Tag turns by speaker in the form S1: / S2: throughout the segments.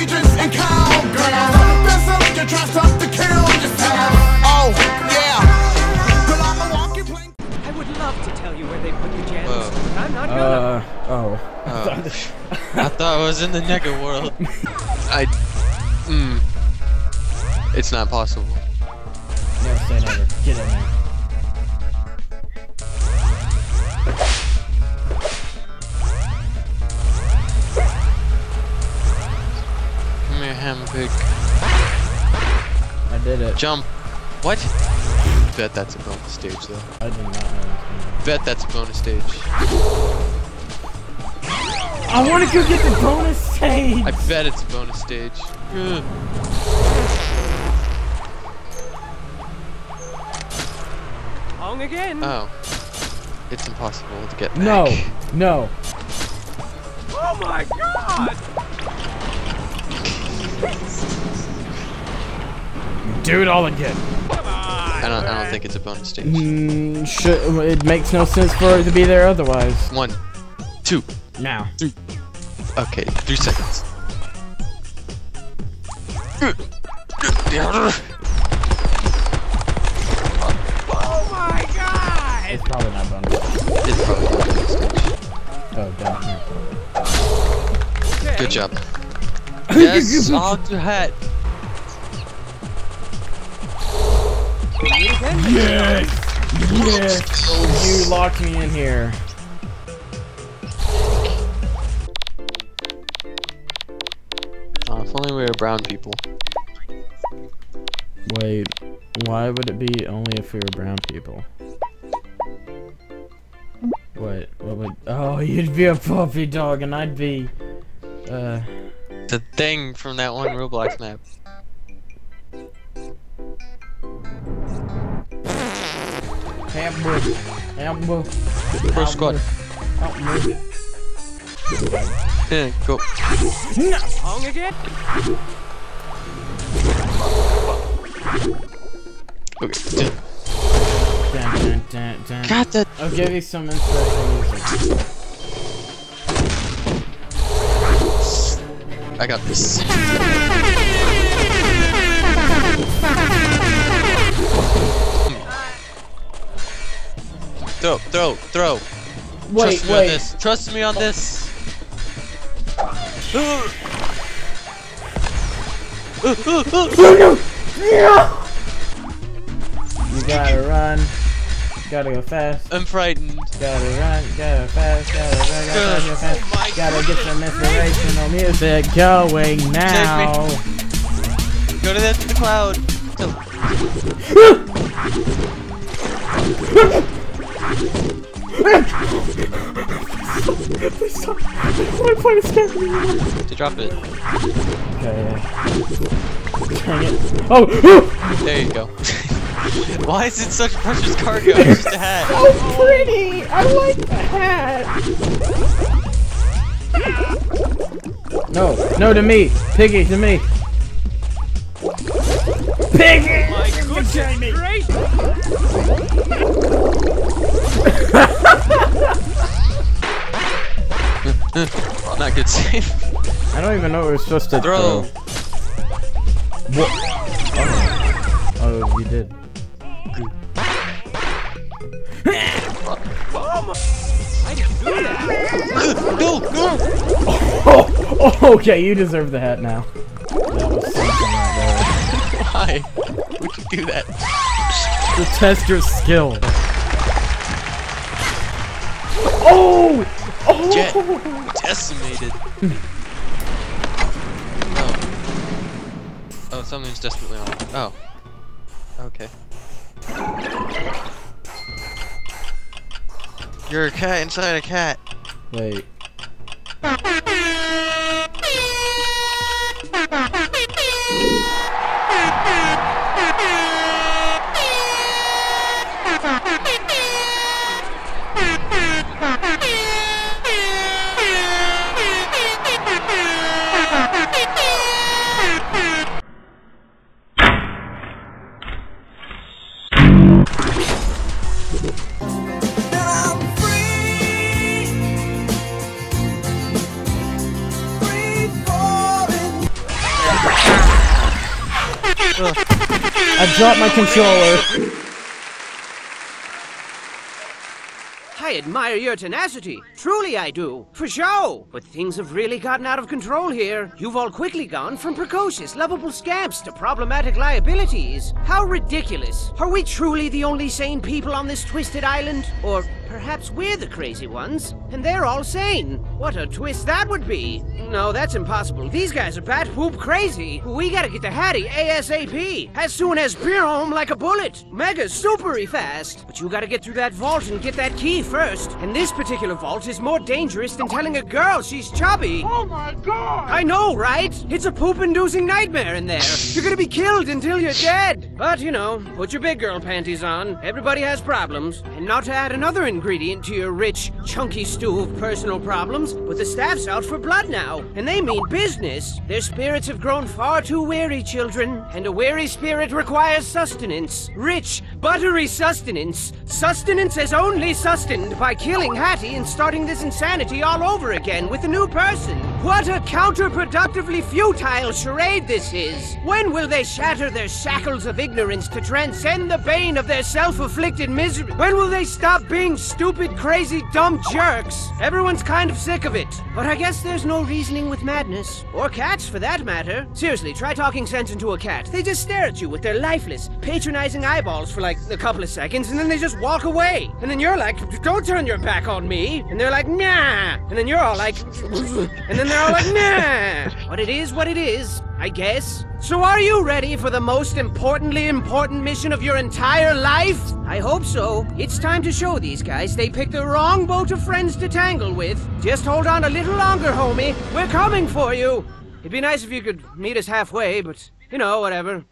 S1: and up to kill yourself. Oh, yeah. Girl, I'm a walking I would love to tell you where they put the gems, but uh, I'm not uh, gonna. Oh. Uh, oh. oh. I, thought I it was in the nigger world. I. hmm, It's not possible. Never say never. Get in there. your handpick. I did it. Jump. What? Bet that's a bonus stage though. I did not know Bet that's a bonus stage. I want to go get the bonus stage. I bet it's a bonus stage. Long again. Oh. It's impossible to get back. No. No. Oh my god! Do it all again. I don't, I don't think it's a bonus stage. Mm, should, it makes no sense for it to be there otherwise. One, two, now, three. Okay, three seconds. Oh my god! It's probably not bonus. It's probably not bonus stage. Oh, God. Okay. Good job. Yes, on to head. Yes! Yes! Oh, you locked me in here. Uh, if only we were brown people. Wait, why would it be only if we were brown people? What? What would? Oh, you'd be a puppy dog, and I'd be, uh, the thing from that one Roblox map. Amber. Amber. First squad. Yeah, go. again? Okay. Dun, dun, dun, dun. Got that. I'll give you some music. I got this. Hmm. Throw, throw, throw.
S2: Wait, Trust me wait. on this.
S1: Trust me on this. You gotta run. Gotta go fast. I'm frightened. Gotta run, gotta fast, gotta run, gotta fast. Oh gotta get some inspirational music going now. Go to the, to the cloud. Please stop. My point is scared me To drop it. Okay,
S2: Dang it. Oh!
S1: There you go. Why is it such precious cargo? It's just a hat. So pretty! I like the hat! No, no to me! Piggy, to me! Piggy! Oh my goodness, Jamie! Not good save. I don't even know what we're supposed to throw. throw. What? Oh. oh, you did you. Oh, okay, you deserve the hat now. Why would you do that? To test your skill. Oh! Oh! Jet decimated. oh. Oh, something's desperately on. Oh. Okay. You're a cat inside a cat. Wait. I've dropped my controller. I admire your tenacity. Truly I do. For show. But things have really gotten out of control here. You've all quickly gone from precocious, lovable scamps to problematic liabilities. How ridiculous. Are we truly the only sane people on this twisted island? Or Perhaps we're the crazy ones, and they're all sane. What a twist that would be! No, that's impossible. These guys are bat whoop crazy. We gotta get to Hattie ASAP. As soon as beer home like a bullet. Mega supery fast. But you gotta get through that vault and get that key first. And this particular vault is more dangerous than telling a girl she's chubby. Oh my god! I know, right? It's a poop-inducing nightmare in there. You're gonna be killed until you're dead. But, you know, put your big girl panties on. Everybody has problems. And not to add another ingredient to your rich, chunky stew of personal problems, but the staff's out for blood now, and they mean business. Their spirits have grown far too weary, children, and a weary spirit requires sustenance. Rich, buttery sustenance. Sustenance is only sustained by killing Hattie and starting this insanity all over again with a new person. What a counterproductively futile charade this is! When will they shatter their shackles of ignorance to transcend the bane of their self-afflicted misery? When will they stop being stupid, crazy, dumb jerks? Everyone's kind of sick of it. But I guess there's no reasoning with madness. Or cats, for that matter. Seriously, try talking sense into a cat. They just stare at you with their lifeless, patronizing eyeballs for like a couple of seconds, and then they just walk away. And then you're like, don't turn your back on me. And they're like, nah. And then you're all like, and then and they're all like, nah. But it is what it is, I guess. So are you ready for the most importantly important mission of your entire life? I hope so. It's time to show these guys they picked the wrong boat of friends to tangle with. Just hold on a little longer, homie. We're coming for you. It'd be nice if you could meet us halfway, but, you know, whatever.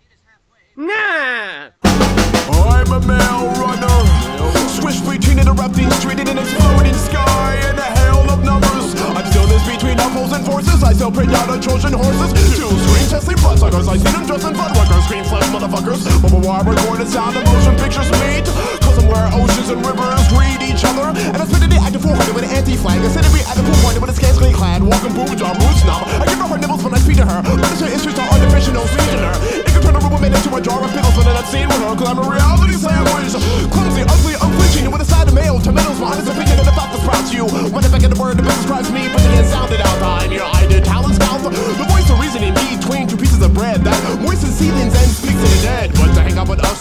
S1: Nah! I'm a mail runner. Swish between it erupting and an exploding sky and a numbers. I'm still this between opposing forces. I still print out on Trojan horses. Two screen testing blood suckers. I see them dressing blood workers. Screen flesh motherfuckers. Over wire recorded sound of motion pictures made. Cause I'm where oceans and rivers greet each other. And I spend it at 400 with an anti flag. I send it at the 400 with a scantily clad. Walking boob job, roots now. I give her her nibbles when I speak to her. her instruments are artificial, season her. It can turn a rubber man into a jar of pickles, but I'm seen with her. Cause I'm a reality sandwich.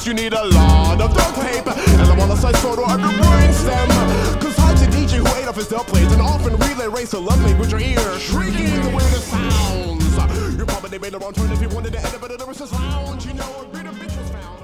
S1: you need a lot of duct tape And I want a size photo of your brainstem Cause hides a DJ who ate off his plates And often relay race a love with your ear Shrieking the way weirdest sounds You probably made the wrong turn if you wanted to end up in a nurse's lounge You know a greater bitch was found